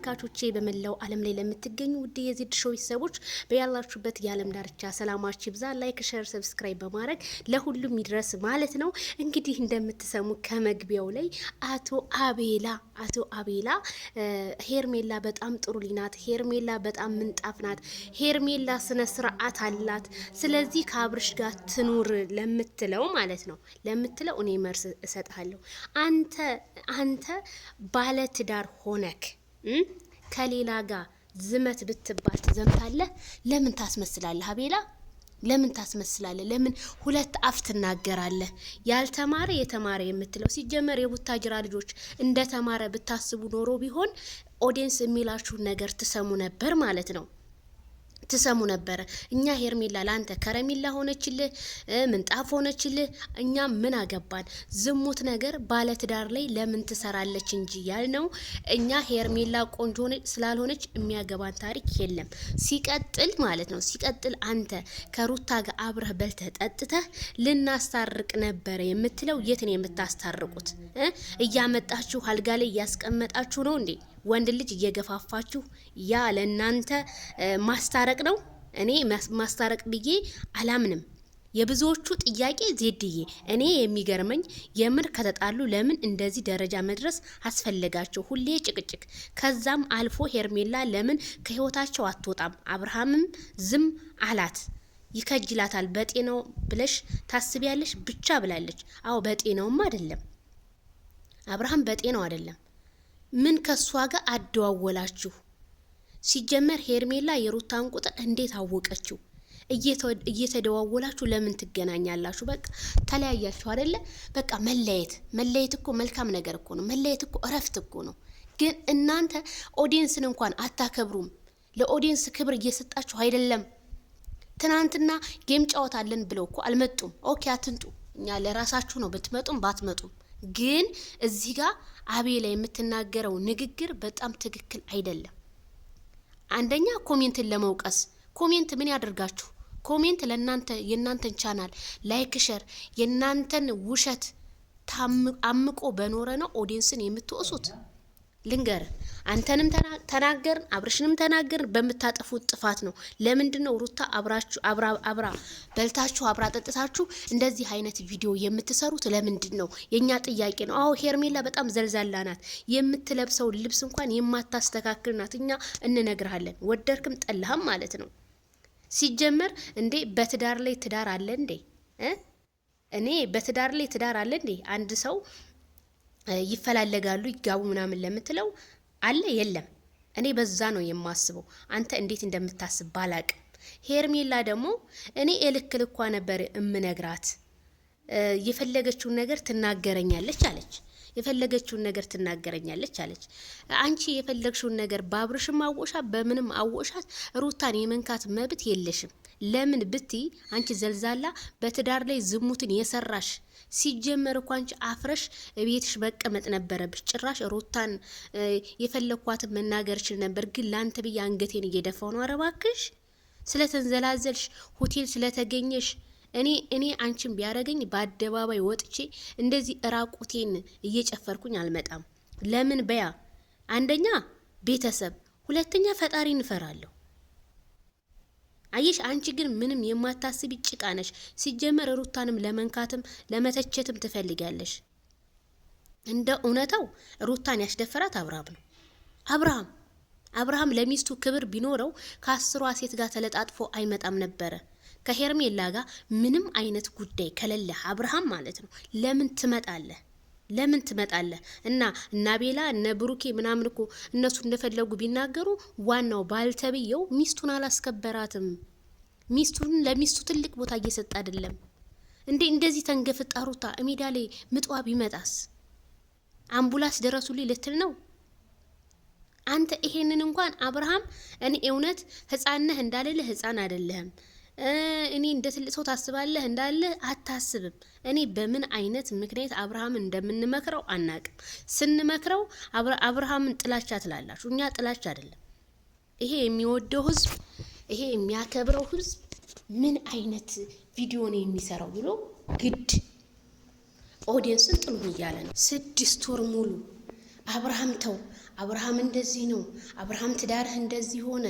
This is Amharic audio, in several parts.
ተመልካቾቼ በመላው ዓለም ላይ ለምትገኙ ውድ የዚድ ሾው ቤተሰቦች በያላችሁበት የዓለም ዳርቻ ሰላማችሁ ይብዛ። ላይክ፣ ሸር፣ ሰብስክራይብ በማድረግ ለሁሉም ይድረስ ማለት ነው። እንግዲህ እንደምትሰሙ ከመግቢያው ላይ አቶ አቤላ አቶ አቤላ ሄርሜላ በጣም ጥሩ ሊናት፣ ሄርሜላ በጣም ምንጣፍ ናት፣ ሄርሜላ ስነ ስርዓት አላት፣ ስለዚህ ከአብርሽ ጋር ትኑር ለምትለው ማለት ነው ለምትለው እኔ መርስ እሰጥሃለሁ አንተ አንተ ባለትዳር ሆነክ ከሌላ ጋር ዝመት ብትባል ትዘምታለህ? ለምን ታስመስላለህ? አቤላ ለምን ታስመስላለህ? ለምን ሁለት አፍ ትናገራለህ? ያልተማረ የተማረ የምትለው ሲጀመር የቡታጅራ ልጆች እንደተማረ ብታስቡ ኖሮ ቢሆን ኦዲየንስ የሚላችሁን ነገር ትሰሙ ነበር ማለት ነው። ትሰሙ ነበረ። እኛ ሄርሜላ ለአንተ ከረሜላ ሆነችልህ፣ ምንጣፍ ሆነችልህ፣ እኛ ምን አገባን? ዝሙት ነገር ባለትዳር ላይ ለምን ትሰራለች እንጂ ያልነው እኛ ሄርሜላ ቆንጆ ስላልሆነች የሚያገባን ታሪክ የለም። ሲቀጥል ማለት ነው ሲቀጥል አንተ ከሩታ ጋር አብረህ በልተህ ጠጥተህ ልናስታርቅ ነበረ የምትለው የትን የምታስታርቁት? እያመጣችሁ አልጋ ላይ እያስቀመጣችሁ ነው እንዴ? ወንድ ልጅ እየገፋፋችሁ ያ ለእናንተ ማስታረቅ ነው። እኔ ማስታረቅ ብዬ አላምንም። የብዙዎቹ ጥያቄ ዜድዬ፣ እኔ የሚገርመኝ የምር ከተጣሉ ለምን እንደዚህ ደረጃ መድረስ አስፈለጋቸው? ሁሌ ጭቅጭቅ፣ ከዛም አልፎ ሄርሜላ ለምን ከህይወታቸው አትወጣም? አብርሃምም ዝም አላት። ይከጅላታል። በጤናው ብለሽ ታስቢያለሽ ብቻ ብላለች። አዎ በጤናውም አይደለም አብርሃም በጤናው አይደለም። ምን ከእሷ ጋር አደዋወላችሁ? ሲጀመር ሄርሜላ የሩታን ቁጥር እንዴት አወቀችው? እየተደዋወላችሁ ለምን ትገናኛላችሁ? በቃ ተለያያችሁ አይደለ? በቃ መለየት መለየት እኮ መልካም ነገር እኮ ነው። መለየት እኮ እረፍት እኮ ነው። ግን እናንተ ኦዲየንስን እንኳን አታከብሩም። ለኦዲየንስ ክብር እየሰጣችሁ አይደለም። ትናንትና ጌም ጨዋታለን ብለው እኮ አልመጡም። ኦኬ አትንጡ። እኛ ለራሳችሁ ነው ብትመጡም ባትመጡም ግን እዚህ ጋር አቤላ የምትናገረው ንግግር በጣም ትክክል አይደለም። አንደኛ ኮሜንትን ለመውቀስ ኮሜንት ምን ያደርጋችሁ? ኮሜንት ለእናንተ የእናንተን ቻናል ላይክ፣ ሸር የእናንተን ውሸት አምቆ በኖረ ነው ኦዲየንስን የምትወሱት። ልንገር አንተንም ተናገርን አብርሽንም ተናገርን። በምታጠፉት ጥፋት ነው። ለምንድን ነው ሩታ አብራችሁ አብራ አብራ በልታችሁ አብራ ጠጥታችሁ እንደዚህ አይነት ቪዲዮ የምትሰሩት? ለምንድን ነው የእኛ ጥያቄ ነው። አዎ ሄርሜላ በጣም ዘልዛላ ናት። የምትለብሰው ልብስ እንኳን የማታስተካክል ናት። እኛ እንነግርሃለን፣ ወደርክም ጠላህም ማለት ነው። ሲጀመር እንዴ በትዳር ላይ ትዳር አለ እንዴ? እኔ በትዳር ላይ ትዳር አለ እንዴ? አንድ ሰው ይፈላለጋሉ ይጋቡ ምናምን ለምትለው አለ የለም። እኔ በዛ ነው የማስበው። አንተ እንዴት እንደምታስብ ባላቅ። ሄርሜላ ደግሞ እኔ የልክ እኳ ነበር እምነግራት የፈለገችውን ነገር ትናገረኛለች አለች። የፈለገችውን ነገር ትናገረኛለች አለች። አንቺ የፈለግሽውን ነገር በአብርሽም አወሻት፣ በምንም አወሻት፣ ሩታን የመንካት መብት የለሽም። ለምን ብቲ አንቺ ዘልዛላ በትዳር ላይ ዝሙትን የሰራሽ ሲጀመር እኮ አንቺ አፍረሽ ቤትሽ መቀመጥ ነበረብሽ። ጭራሽ ሩታን የፈለኳትን መናገር ችል ነበር፣ ግን ለአንተ ብዬ አንገቴን እየደፋው ነው። አረባክሽ ስለተንዘላዘልሽ፣ ሆቴል ስለተገኘሽ እኔ እኔ አንቺን ቢያደርገኝ በአደባባይ ወጥቼ እንደዚህ እራቁቴን እየጨፈርኩኝ አልመጣም። ለምን በያ አንደኛ ቤተሰብ፣ ሁለተኛ ፈጣሪ እንፈራለሁ። አየሽ አንቺ ግን ምንም የማታስቢ ጭቃ ነሽ። ሲጀመር ሩታንም ለመንካትም ለመተቸትም ትፈልጊያለሽ። እንደ እውነታው ሩታን ያስደፈራት አብርሃም ነው። አብርሃም አብርሃም ለሚስቱ ክብር ቢኖረው ከአስሯ ሴት ጋር ተለጣጥፎ አይመጣም ነበረ። ከሄርሜላ ጋር ምንም አይነት ጉዳይ ከሌለህ አብርሃም ማለት ነው ለምን ትመጣለህ? ለምን ትመጣለህ? እና እና ቤላ እነ ብሩኬ ምናምን እኮ እነሱ እንደፈለጉ ቢናገሩ ዋናው ባልተብየው ሚስቱን አላስከበራትም። ሚስቱን ለሚስቱ ትልቅ ቦታ እየሰጠ አይደለም እንዴ? እንደዚህ ተንገፍጣ ሩታ ሜዳ ላይ ምጥዋ ቢመጣስ አምቡላንስ ደረሱልኝ ልትል ነው? አንተ ይሄንን እንኳን አብርሃም፣ እኔ እውነት ህፃን ነህ እንዳልልህ ህፃን አይደለህም እኔ እንደ ትልቅ ሰው ታስባለህ እንዳለ አታስብም። እኔ በምን አይነት ምክንያት አብርሃምን እንደምንመክረው አናቅም። ስንመክረው አብርሃምን ጥላቻ ትላላችሁ። እኛ ጥላቻ አይደለም። ይሄ የሚወደው ህዝብ፣ ይሄ የሚያከብረው ህዝብ ምን አይነት ቪዲዮ ነው የሚሰራው ብሎ ግድ ኦዲየንስን ጥሉ እያለ ነው። ስድስት ወር ሙሉ አብርሃም ተው፣ አብርሃም እንደዚህ ነው፣ አብርሃም ትዳርህ እንደዚህ ሆነ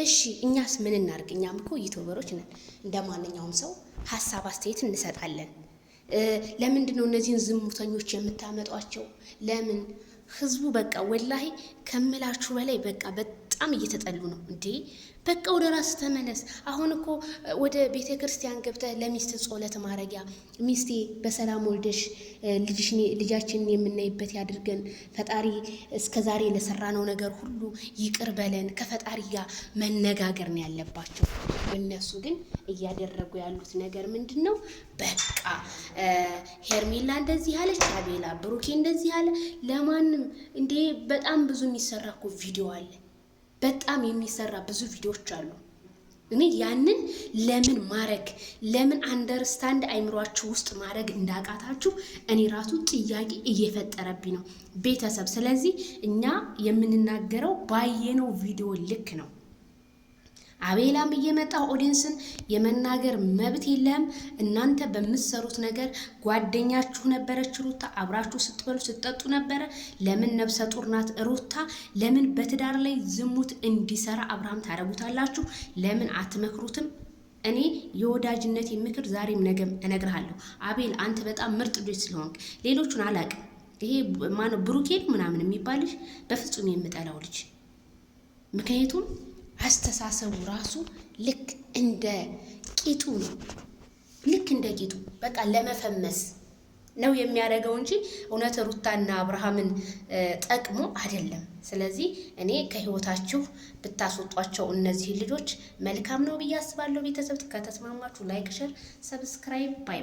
እሺ እኛስ ምን እናርግ? እኛም እኮ ዩቱበሮች ነን፣ እንደ ማንኛውም ሰው ሀሳብ አስተያየት እንሰጣለን። ለምንድን ነው እነዚህን ዝሙተኞች የምታመጧቸው? ለምን ህዝቡ በቃ ወላሂ ከምላችሁ በላይ በቃ በጣም እየተጠሉ ነው እንዴ! በቃ ወደ ራስ ተመለስ። አሁን እኮ ወደ ቤተ ክርስቲያን ገብተህ ለሚስት ጾለት ማድረጊያ ሚስቴ በሰላም ወልደሽ ልጃችንን የምናይበት ያድርገን፣ ፈጣሪ እስከዛሬ ለሰራነው ነገር ሁሉ ይቅር በለን፣ ከፈጣሪ ጋር መነጋገር ነው ያለባቸው። እነሱ ግን እያደረጉ ያሉት ነገር ምንድን ነው? በቃ ሄርሜላ እንደዚህ አለች፣ አቤላ ብሩኬ እንደዚህ አለ። ለማንም እንዴ! በጣም ብዙ የሚሰራ እኮ ቪዲዮ አለ በጣም የሚሰራ ብዙ ቪዲዮዎች አሉ። እኔ ያንን ለምን ማድረግ ለምን አንደርስታንድ አይምሯችሁ ውስጥ ማድረግ እንዳቃታችሁ እኔ ራሱ ጥያቄ እየፈጠረብኝ ነው ቤተሰብ። ስለዚህ እኛ የምንናገረው ባየነው ቪዲዮ ልክ ነው። አቤላም እየመጣ ኦዲንስን የመናገር መብት የለም። እናንተ በምትሰሩት ነገር ጓደኛችሁ ነበረች ሩታ፣ አብራችሁ ስትበሉ ስትጠጡ ነበረ። ለምን ነብሰ ጡር ናት ሩታ? ለምን በትዳር ላይ ዝሙት እንዲሰራ አብርሃም ታደርጉታላችሁ? ለምን አትመክሩትም? እኔ የወዳጅነት ምክር ዛሬም ነገም እነግርሃለሁ። አቤል አንተ በጣም ምርጥ ልጅ ስለሆንክ ሌሎቹን አላቅም። ይሄ ማነው ብሩኬን ምናምን የሚባል ልጅ በፍጹም የምጠላው ልጅ ምክንያቱም አስተሳሰቡ ራሱ ልክ እንደ ቂጡ ነው። ልክ እንደ ቂጡ በቃ ለመፈመስ ነው የሚያደርገው እንጂ እውነት ሩታና አብርሃምን ጠቅሞ አይደለም። ስለዚህ እኔ ከህይወታችሁ ብታስወጧቸው እነዚህ ልጆች መልካም ነው ብዬ አስባለሁ። ቤተሰብ ከተስማማችሁ ላይክ፣ ሸር፣ ሰብስክራይብ ባይ